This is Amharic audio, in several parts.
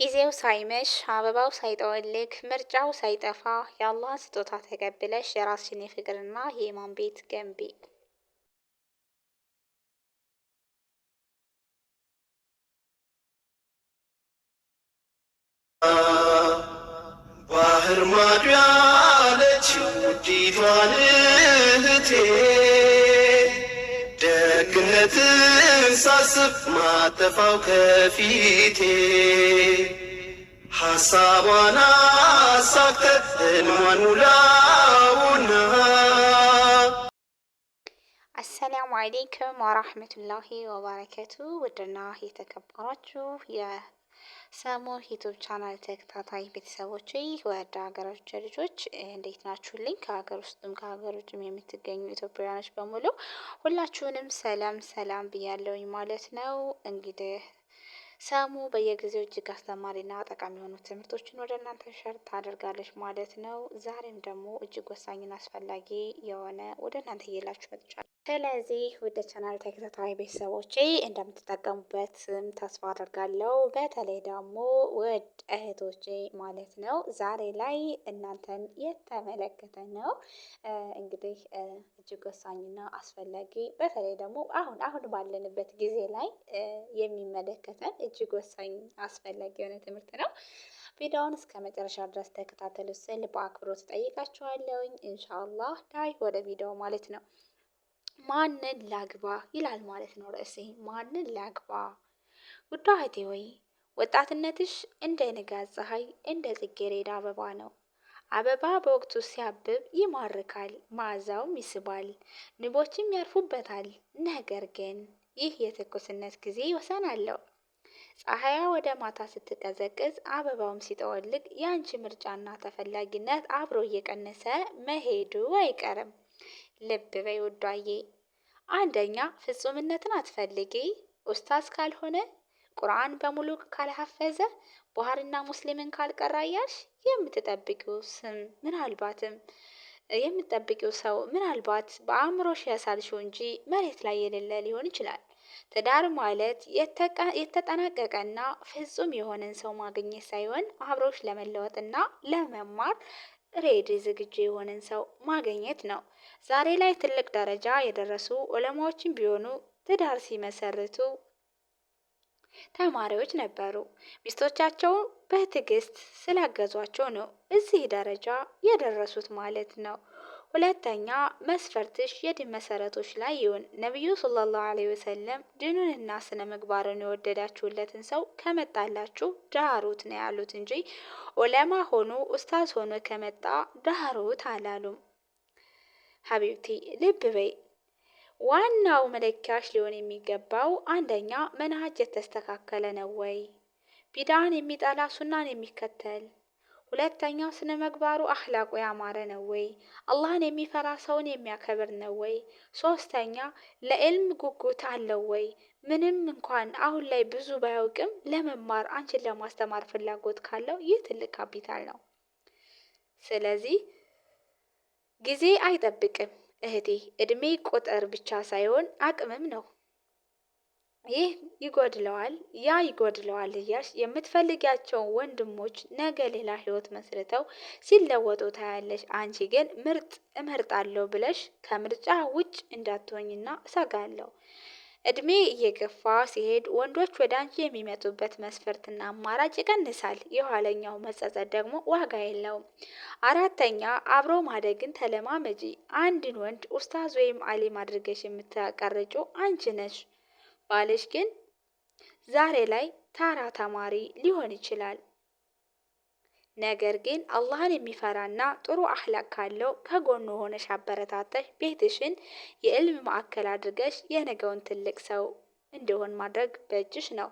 ጊዜው ሳይመሽ አበባው ሳይጠወልግ ምርጫው ሳይጠፋ የአላህን ስጦታ ተቀብለሽ የራስሽን የፍቅርና የኢማን ቤት ገንቢ። ባህር ማዶ ያለችው ውዲቷን እህቴ ደግነትን سنساسب ما تفاو كفيتي حسابنا ساكت المان السلام عليكم ورحمة الله وبركاته ودرناه يتكبرتو يا ሰሞን ዩቱብ ቻናል ተከታታይ ቤተሰቦች ይህ ወደ ሀገራችን ልጆች እንዴት ናችሁልኝ? ከሀገር ውስጥም ከሀገር ውጭም የምትገኙ ኢትዮጵያውያኖች በሙሉ ሁላችሁንም ሰላም ሰላም ብያለውኝ ማለት ነው። እንግዲህ ሰሙ በየጊዜው እጅግ አስተማሪና ጠቃሚ የሆኑ ትምህርቶችን ወደ እናንተ ሸር ታደርጋለች ማለት ነው። ዛሬም ደግሞ እጅግ ወሳኝና አስፈላጊ የሆነ ወደ እናንተ እየላችሁ መጥቻለሁ። ስለዚህ ወደ ቻናል ተከታታይ ቤተሰቦች እንደምትጠቀሙበት ተስፋ አደርጋለሁ። በተለይ ደግሞ ውድ እህቶቼ ማለት ነው ዛሬ ላይ እናንተን የተመለከተ ነው። እንግዲህ እጅግ ወሳኝና አስፈላጊ በተለይ ደግሞ አሁን አሁን ባለንበት ጊዜ ላይ የሚመለከተን እጅግ ወሳኝ አስፈላጊ የሆነ ትምህርት ነው። ቪዲዮውን እስከ መጨረሻ ድረስ ተከታተሉ ስል በአክብሮት ጠይቃችኋለሁኝ። ኢንሻአላህ ዳይ ወደ ቪዲዮ ማለት ነው። ማንን ላግባ ይላል ማለት ነው ርዕሴ። ማንን ላግባ ውዷ እህቴ ወይ ወጣትነትሽ እንደ ንጋት ፀሐይ እንደ ጽጌረዳ አበባ ነው። አበባ በወቅቱ ሲያብብ ይማርካል፣ መዓዛውም ይስባል፣ ንቦችም ያርፉበታል። ነገር ግን ይህ የትኩስነት ጊዜ ወሰን አለው። ፀሐያ ወደ ማታ ስትቀዘቅዝ አበባውም ሲጠወልግ የአንቺ ምርጫና ተፈላጊነት አብሮ እየቀነሰ መሄዱ አይቀርም። ልብ በይ ውዷዬ። አንደኛ ፍጹምነትን አትፈልጊ። ኡስታዝ ካልሆነ ቁርአን በሙሉ ካልሐፈዘ ቡሃሪና ሙስሊምን ካልቀራያሽ የምትጠብቂው ስም ምናልባትም የምትጠብቂው ሰው ምናልባት በአእምሮሽ ያሳልሽው እንጂ መሬት ላይ የሌለ ሊሆን ይችላል። ትዳር ማለት የተጠናቀቀና ፍጹም የሆነን ሰው ማግኘት ሳይሆን አብሮሽ ለመለወጥና ለመማር ሬዲ ዝግጁ የሆነን ሰው ማግኘት ነው። ዛሬ ላይ ትልቅ ደረጃ የደረሱ ዑለማዎችን ቢሆኑ ትዳር ሲመሰርቱ ተማሪዎች ነበሩ። ሚስቶቻቸው በትዕግስት ስላገዟቸው ነው እዚህ ደረጃ የደረሱት ማለት ነው። ሁለተኛ መስፈርትሽ የድን መሰረቶች ላይ ይሁን። ነቢዩ ሰለላሁ ዐለይሂ ወሰለም ድኑንና ስነ ምግባርን የወደዳችሁለትን ሰው ከመጣላችሁ ዳሩት ነው ያሉት እንጂ ዑለማ ሆኖ ኡስታዝ ሆኖ ከመጣ ዳሩት አላሉም። ሀቢብቲ ልብ በይ። ዋናው መለኪያሽ ሊሆን የሚገባው አንደኛ መንሀጅ የተስተካከለ ነው ወይ? ቢድዓን የሚጠላ ሱናን የሚከተል ሁለተኛው ስነምግባሩ አህላቁ ያማረ ነው ወይ? አላህን የሚፈራ ሰውን የሚያከብር ነው ወይ? ሶስተኛ ለዕልም ጉጉት አለው ወይ? ምንም እንኳን አሁን ላይ ብዙ ባያውቅም ለመማር አንቺን ለማስተማር ፍላጎት ካለው ይህ ትልቅ ካፒታል ነው። ስለዚህ ጊዜ አይጠብቅም እህቴ፣ እድሜ ቁጥር ብቻ ሳይሆን አቅምም ነው። ይህ ይጎድለዋል ያ ይጎድለዋል እያልሽ የምትፈልጊያቸው ወንድሞች ነገ ሌላ ህይወት መስርተው ሲለወጡ ታያለሽ። አንቺ ግን ምርጥ እመርጣለሁ ብለሽ ከምርጫ ውጭ እንዳትሆኝና እሰጋለሁ። እድሜ እየገፋ ሲሄድ ወንዶች ወደ አንቺ የሚመጡበት መስፈርትና አማራጭ ይቀንሳል። የኋለኛው መጸጸት ደግሞ ዋጋ የለውም። አራተኛ አብሮ ማደግን ተለማመጂ። አንድን ወንድ ኡስታዝ ወይም አሊም አድርገሽ የምታቀርጩ አንቺ ነሽ። ባልሽ ግን ዛሬ ላይ ታራ ተማሪ ሊሆን ይችላል። ነገር ግን አላህን የሚፈራና ጥሩ አህላቅ ካለው ከጎኑ ሆነሽ አበረታተሽ ቤትሽን የዕልም ማዕከል አድርገሽ የነገውን ትልቅ ሰው እንዲሆን ማድረግ በእጅሽ ነው።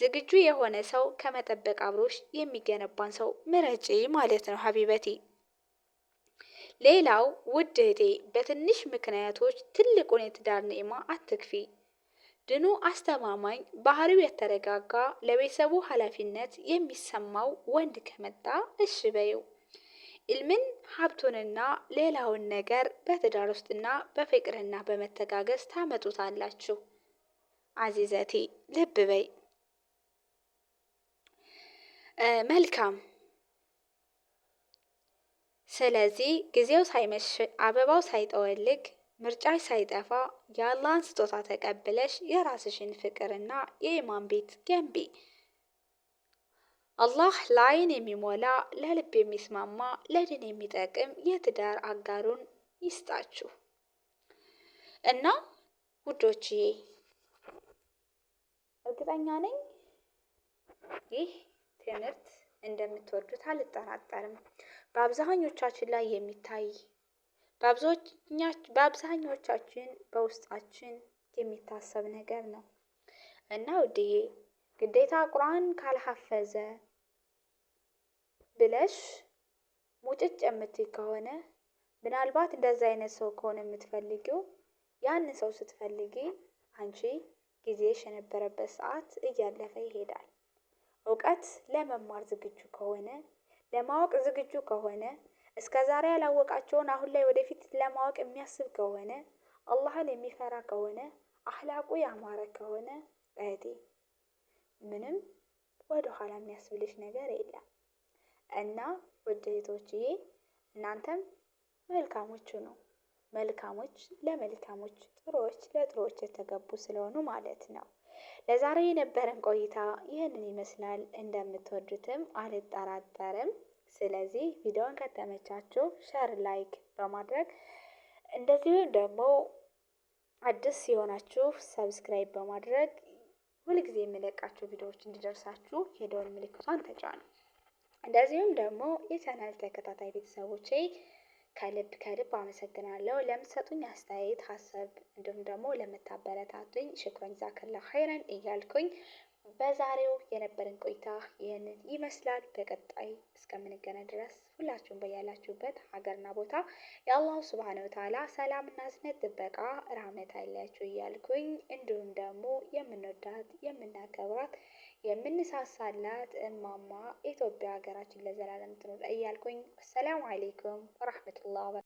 ዝግጁ የሆነ ሰው ከመጠበቅ አብሮሽ የሚገነባን ሰው ምረጪ ማለት ነው ሀቢበቲ። ሌላው ውድ እህቴ፣ በትንሽ ምክንያቶች ትልቁን የትዳር ኒዕማ አትክፊ። ድኑ አስተማማኝ ባህሪው የተረጋጋ ለቤተሰቡ ኃላፊነት የሚሰማው ወንድ ከመጣ እሽ በይው። ኢልምን ሀብቱንና ሌላውን ነገር በትዳር ውስጥና በፍቅርና በመተጋገዝ ታመጡታላችሁ። አዚዘቴ ልብ በይ። መልካም። ስለዚህ ጊዜው ሳይመሽ አበባው ሳይጠወልግ ምርጫሽ ሳይጠፋ የአላህን ስጦታ ተቀብለሽ የራስሽን ፍቅርና የኢማን ቤት ገንቢ። አላህ ለአይን የሚሞላ ለልብ የሚስማማ ለድን የሚጠቅም የትዳር አጋሩን ይስጣችሁ። እና ውዶችዬ እርግጠኛ ነኝ ይህ ትምህርት እንደምትወዱት አልጠራጠርም። በአብዛኞቻችን ላይ የሚታይ በአብዛኞቻችን በውስጣችን የሚታሰብ ነገር ነው እና ውድዬ ግዴታ ቁርአን ካልሐፈዘ ብለሽ ሙጭጭ የምትይ ከሆነ ምናልባት እንደዚ አይነት ሰው ከሆነ የምትፈልጊው ያንን ሰው ስትፈልጊ አንቺ ጊዜሽ የነበረበት ሰዓት እያለፈ ይሄዳል። እውቀት ለመማር ዝግጁ ከሆነ ለማወቅ ዝግጁ ከሆነ እስከ ዛሬ ያላወቃቸውን አሁን ላይ ወደፊት ለማወቅ የሚያስብ ከሆነ አላህን የሚፈራ ከሆነ አህላቁ ያማረ ከሆነ እህቴ ምንም ወደ ኋላ የሚያስብልሽ ነገር የለም። እና ውድ እህቶችዬ እናንተም መልካሞቹ ነው መልካሞች ለመልካሞች ጥሩዎች ለጥሩዎች የተገቡ ስለሆኑ ማለት ነው። ለዛሬ የነበረን ቆይታ ይህንን ይመስላል። እንደምትወዱትም አልጠራጠርም። ስለዚህ ቪዲዮውን ከተመቻችሁ ሸር፣ ላይክ በማድረግ እንደዚሁ ደግሞ አዲስ የሆናችሁ ሰብስክራይብ በማድረግ ሁልጊዜ የሚለቃችሁ ቪዲዮዎች እንዲደርሳችሁ የደወል ምልክቷን ተጫኑ። እንደዚሁም ደግሞ የቻናል ተከታታይ ቤተሰቦቼ ከልብ ከልብ አመሰግናለሁ። ለምትሰጡኝ አስተያየት፣ ሀሳብ እንዲሁም ደግሞ ለምታበረታቱኝ ሽኩረን ዛከላ ኸይረን እያልኩኝ በዛሬው የነበረን ቆይታ ይህንን ይመስላል። በቀጣይ እስከምንገናኝ ድረስ ሁላችሁም በያላችሁበት ሀገርና ቦታ የአላሁ ስብሃነ ወተዓላ ሰላምና እዝነት ጥበቃ ራህመት አይለያችሁ እያልኩኝ እንዲሁም ደግሞ የምንወዳት የምናከብራት የምንሳሳላት እማማ ኢትዮጵያ ሀገራችን ለዘላለም ትኑር እያልኩኝ አሰላሙ አሌይኩም ወራህመቱላህ